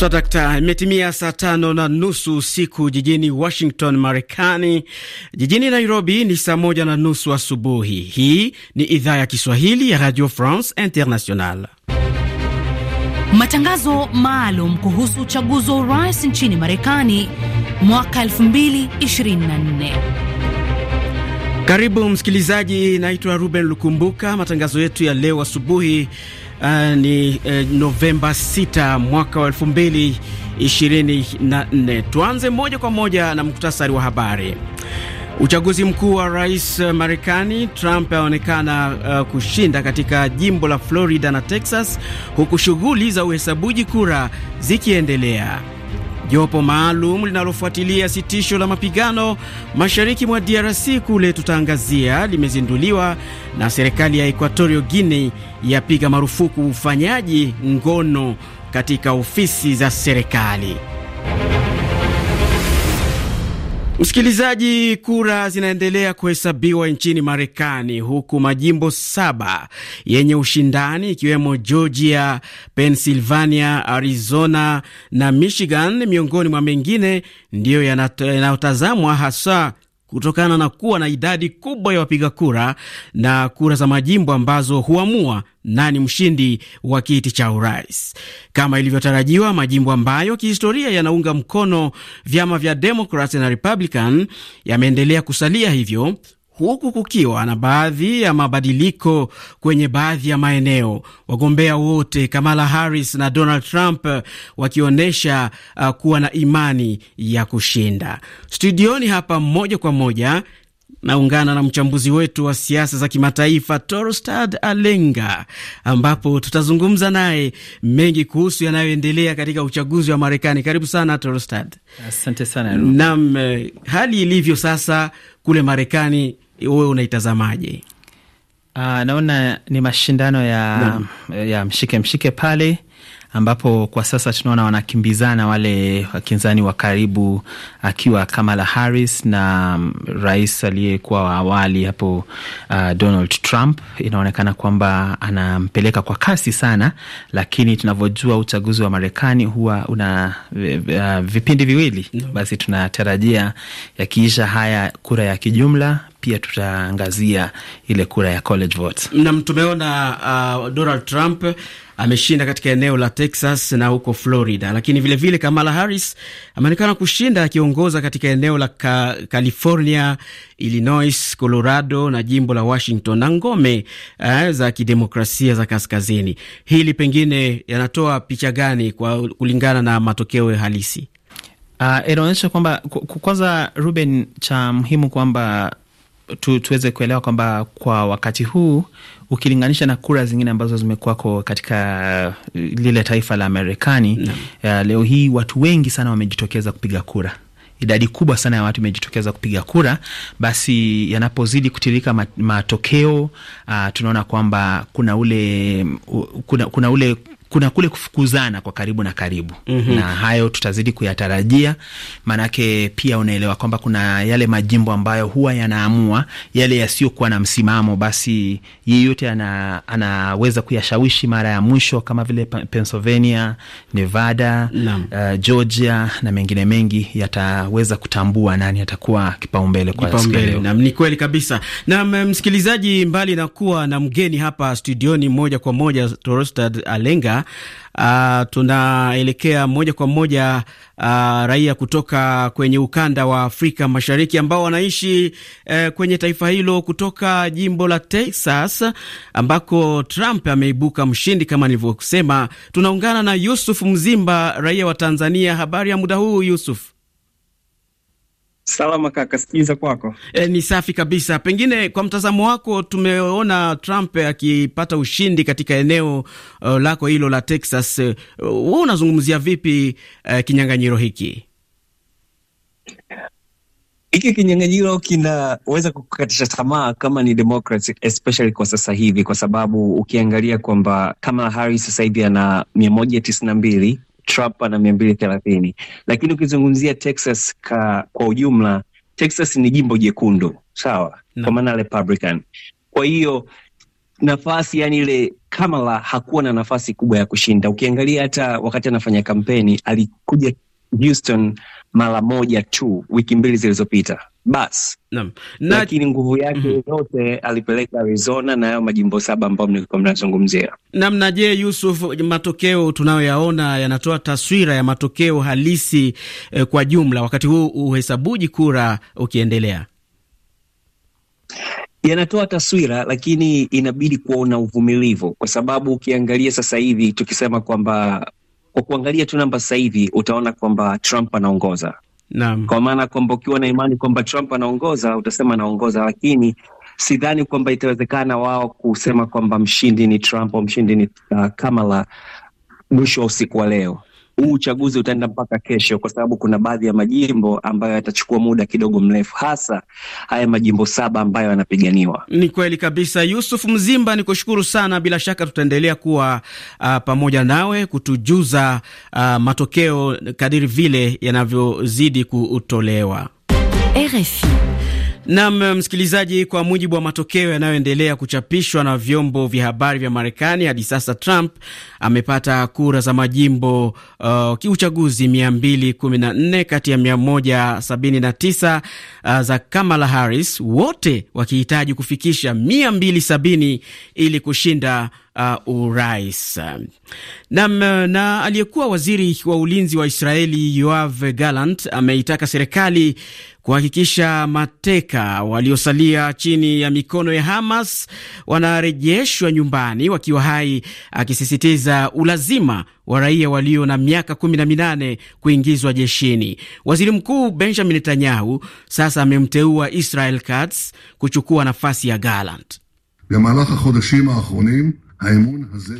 dakta, imetimia saa tano na nusu usiku jijini Washington, Marekani. Jijini Nairobi ni saa moja na nusu asubuhi. Hii ni idhaa ya Kiswahili ya Radio France International. Matangazo maalum kuhusu uchaguzi wa urais nchini Marekani mwaka 2024. Karibu msikilizaji, naitwa Ruben Lukumbuka. Matangazo yetu ya leo asubuhi uh, ni uh, Novemba 6 mwaka wa 2024. Tuanze moja kwa moja na muktasari wa habari. Uchaguzi mkuu wa rais uh, Marekani, Trump aonekana uh, kushinda katika jimbo la Florida na Texas, huku shughuli za uhesabuji kura zikiendelea jopo maalum linalofuatilia sitisho la mapigano mashariki mwa DRC kule tutaangazia, limezinduliwa na serikali ya Equatorio Guine yapiga marufuku ufanyaji ngono katika ofisi za serikali. Msikilizaji, kura zinaendelea kuhesabiwa nchini Marekani, huku majimbo saba yenye ushindani ikiwemo Georgia, Pennsylvania, Arizona na Michigan miongoni mwa mengine ndiyo yanayotazamwa hasa kutokana na kuwa na idadi kubwa ya wapiga kura na kura za majimbo ambazo huamua nani mshindi wa kiti cha urais. Kama ilivyotarajiwa, majimbo ambayo kihistoria yanaunga mkono vyama vya Democrat na Republican yameendelea kusalia hivyo huku kukiwa na baadhi ya mabadiliko kwenye baadhi ya maeneo, wagombea wote Kamala Harris na Donald Trump wakionyesha uh, kuwa na imani ya kushinda. Studioni hapa moja kwa moja naungana na mchambuzi wetu wa siasa za kimataifa Torstad Alenga, ambapo tutazungumza naye mengi kuhusu yanayoendelea katika uchaguzi wa Marekani. Karibu sana Torstad. Asante sana. Naam, eh, hali ilivyo sasa kule Marekani wewe unaitazamaje? Uh, naona ni mashindano ya, ya mshike mshike pale ambapo kwa sasa tunaona wanakimbizana wale wakinzani wa karibu, akiwa Kamala Harris na mm, rais aliyekuwa wa awali hapo, uh, Donald Trump. Inaonekana kwamba anampeleka kwa kasi sana, lakini tunavyojua uchaguzi wa Marekani huwa una uh, vipindi viwili. Basi tunatarajia yakiisha haya kura ya kijumla pia tutaangazia ile kura ya college vote. Nam, tumeona uh, Donald Trump ameshinda katika eneo la Texas na huko Florida, lakini vilevile vile Kamala Harris ameonekana kushinda akiongoza katika eneo la ka California, Illinois, Colorado na jimbo la Washington na ngome eh, za kidemokrasia za kaskazini. Hili pengine yanatoa picha gani kwa kulingana na matokeo halisi? Uh, inaonyesha kwamba kwanza, Ruben, cha muhimu kwamba tu, tuweze kuelewa kwamba kwa wakati huu ukilinganisha na kura zingine ambazo zimekuwako katika uh, lile taifa la Marekani mm. Uh, leo hii watu wengi sana wamejitokeza kupiga kura idadi kubwa sana ya watu imejitokeza kupiga kura. Basi yanapozidi kutirika matokeo, uh, tunaona kwamba kuna ule, kuna, kuna ule kuna kule kufukuzana kwa karibu na karibu mm -hmm. na hayo tutazidi kuyatarajia, maanake pia unaelewa kwamba kuna yale majimbo ambayo huwa yanaamua yale yasiyokuwa na msimamo, basi yeyote ana, anaweza kuyashawishi mara ya mwisho kama vile Pennsylvania, Nevada na, uh, Georgia na mengine mengi yataweza kutambua nani atakuwa kipaumbele kwa ni kweli kabisa. na eh, msikilizaji, mbali na kuwa na mgeni hapa studioni moja kwa moja Torostad Alenga Uh, tunaelekea moja kwa moja uh, raia kutoka kwenye ukanda wa Afrika Mashariki ambao wanaishi uh, kwenye taifa hilo kutoka jimbo la Texas ambako Trump ameibuka mshindi kama nilivyosema. Tunaungana na Yusuf Mzimba, raia wa Tanzania. Habari ya muda huu Yusuf? Salama kaka, sikiliza kwako. E, ni safi kabisa. Pengine kwa mtazamo wako, tumeona Trump akipata ushindi katika eneo uh, lako hilo la Texas. E, wewe uh, unazungumzia vipi uh, kinyang'anyiro hiki? Hiki kinyang'anyiro kinaweza kukatisha tamaa kama ni Democrats, especially kwa sasa hivi, kwa sababu ukiangalia kwamba kama Harris sasa hivi ana mia moja tisini na mbili Trump ana mia mbili thelathini, lakini ukizungumzia Texas ka, kwa ujumla Texas ni jimbo jekundu sawa, kwa maana Republican. Kwa hiyo nafasi yani ile Kamala hakuwa na nafasi kubwa ya kushinda. Ukiangalia hata wakati anafanya kampeni alikuja Houston mara moja tu wiki mbili zilizopita basi naam. Na... lakini nguvu yake mm -hmm. yote alipeleka Arizona na hayo majimbo saba ambayo mlikuwa mnazungumzia. Namna je, Yusuf, matokeo tunayoyaona yanatoa taswira ya matokeo halisi eh, kwa jumla, wakati huu uhesabuji kura ukiendelea yanatoa taswira, lakini inabidi kuona uvumilivu, kwa sababu ukiangalia sasa hivi tukisema kwamba kwa kuangalia tu namba sasa hivi utaona kwamba Trump anaongoza Naam. Kwa maana kwamba ukiwa na imani kwamba Trump anaongoza utasema anaongoza, lakini sidhani kwamba itawezekana wao kusema kwamba mshindi ni Trump au mshindi ni uh, Kamala mwisho wa usiku wa leo huu uchaguzi utaenda mpaka kesho, kwa sababu kuna baadhi ya majimbo ambayo yatachukua muda kidogo mrefu, hasa haya majimbo saba ambayo yanapiganiwa. Ni kweli kabisa. Yusuf Mzimba, ni kushukuru sana. Bila shaka tutaendelea kuwa uh, pamoja nawe kutujuza uh, matokeo kadiri vile yanavyozidi kutolewa. RFI Nam eh, msikilizaji, kwa mujibu wa matokeo yanayoendelea kuchapishwa na vyombo vya habari vya Marekani hadi sasa, Trump amepata kura za majimbo uh, kiuchaguzi 214 kati ya 179 uh, eh, za Kamala Harris, wote wakihitaji kufikisha 270 ili kushinda uh, urais. Nam uh, na aliyekuwa waziri wa ulinzi wa Israeli Yoav Gallant ameitaka serikali kuhakikisha mateka waliosalia chini ya mikono ya Hamas wanarejeshwa nyumbani wakiwa hai, akisisitiza ulazima wa raia walio na miaka kumi na minane kuingizwa jeshini. Waziri Mkuu Benjamin Netanyahu sasa amemteua Israel Katz kuchukua nafasi ya Gallant.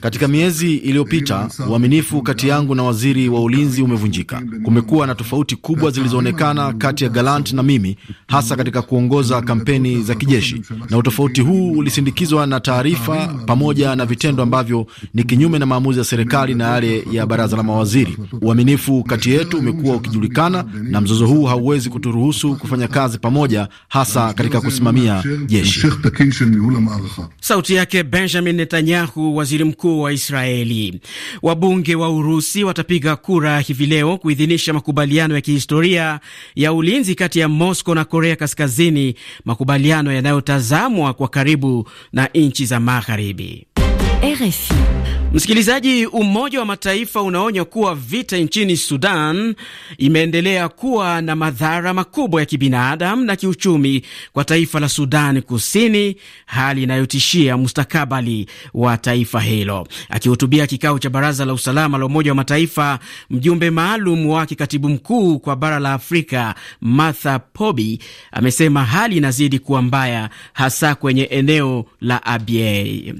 Katika miezi iliyopita uaminifu kati yangu na waziri wa ulinzi umevunjika. Kumekuwa na tofauti kubwa zilizoonekana kati ya Galant na mimi, hasa katika kuongoza kampeni za kijeshi, na utofauti huu ulisindikizwa na taarifa pamoja na vitendo ambavyo ni kinyume na maamuzi ya serikali na yale ya baraza la mawaziri. Uaminifu kati yetu umekuwa ukijulikana, na mzozo huu hauwezi kuturuhusu kufanya kazi pamoja, hasa katika kusimamia jeshi. Sauti yake Benjamin Netanyahu Netanyahu, waziri mkuu wa Israeli. Wabunge wa Urusi watapiga kura hivi leo kuidhinisha makubaliano ya kihistoria ya ulinzi kati ya Moscow na Korea Kaskazini, makubaliano yanayotazamwa kwa karibu na nchi za Magharibi. RFI. Msikilizaji, Umoja wa Mataifa unaonya kuwa vita nchini Sudan imeendelea kuwa na madhara makubwa ya kibinadamu na kiuchumi kwa taifa la Sudan Kusini, hali inayotishia mustakabali wa taifa hilo. Akihutubia kikao cha Baraza la Usalama la Umoja wa Mataifa, mjumbe maalum wa kikatibu mkuu kwa bara la Afrika Martha Pobi amesema hali inazidi kuwa mbaya, hasa kwenye eneo la Abyei.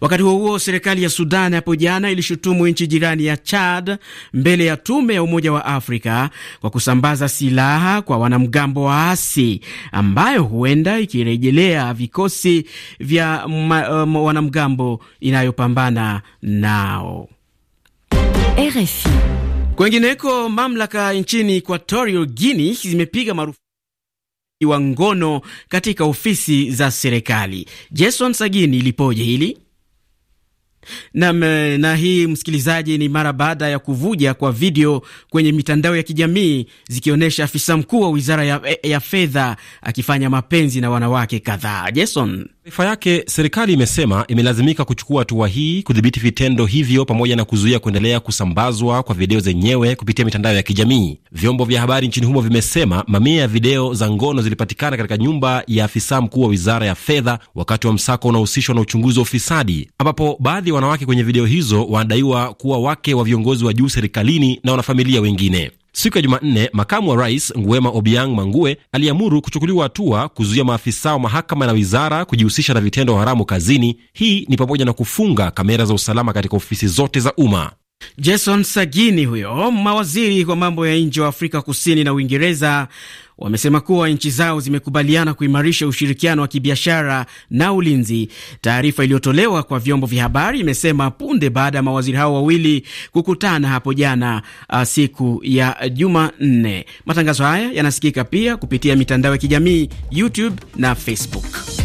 Wakati huo huo serikali ya Sudan hapo jana ilishutumu nchi jirani ya Chad mbele ya tume ya Umoja wa Afrika kwa kusambaza silaha kwa wanamgambo waasi, ambayo huenda ikirejelea vikosi vya um, wanamgambo inayopambana nao. RFI. Kwengineko, mamlaka nchini Equatorial Guinea zimepiga marufuku wa ngono katika ofisi za serikali. Jason Sagini, ilipoje hili? Nam eh, na hii msikilizaji, ni mara baada ya kuvuja kwa video kwenye mitandao ya kijamii zikionyesha afisa mkuu wa wizara ya, ya fedha akifanya mapenzi na wanawake kadhaa. Jason taarifa yake, serikali imesema imelazimika kuchukua hatua hii kudhibiti vitendo hivyo pamoja na kuzuia kuendelea kusambazwa kwa video zenyewe kupitia mitandao ya kijamii. Vyombo vya habari nchini humo vimesema mamia ya video za ngono zilipatikana katika nyumba ya afisa mkuu wa wizara ya fedha wakati wa msako unaohusishwa na uchunguzi wa ufisadi, ambapo baadhi ya wanawake kwenye video hizo wanadaiwa kuwa wake wa viongozi wa juu serikalini na wanafamilia wengine. Siku ya Jumanne, makamu wa rais Nguema Obiang Mangue aliamuru kuchukuliwa hatua kuzuia maafisa wa mahakama na wizara kujihusisha na vitendo haramu kazini. Hii ni pamoja na kufunga kamera za usalama katika ofisi zote za umma. Jason Sagini huyo, mawaziri wa mambo ya nje wa Afrika Kusini na Uingereza wamesema kuwa nchi zao zimekubaliana kuimarisha ushirikiano wa kibiashara na ulinzi. Taarifa iliyotolewa kwa vyombo vya habari imesema punde baada ya mawaziri hao wawili kukutana hapo jana uh, siku ya Jumanne. Matangazo haya yanasikika pia kupitia mitandao ya kijamii YouTube na Facebook.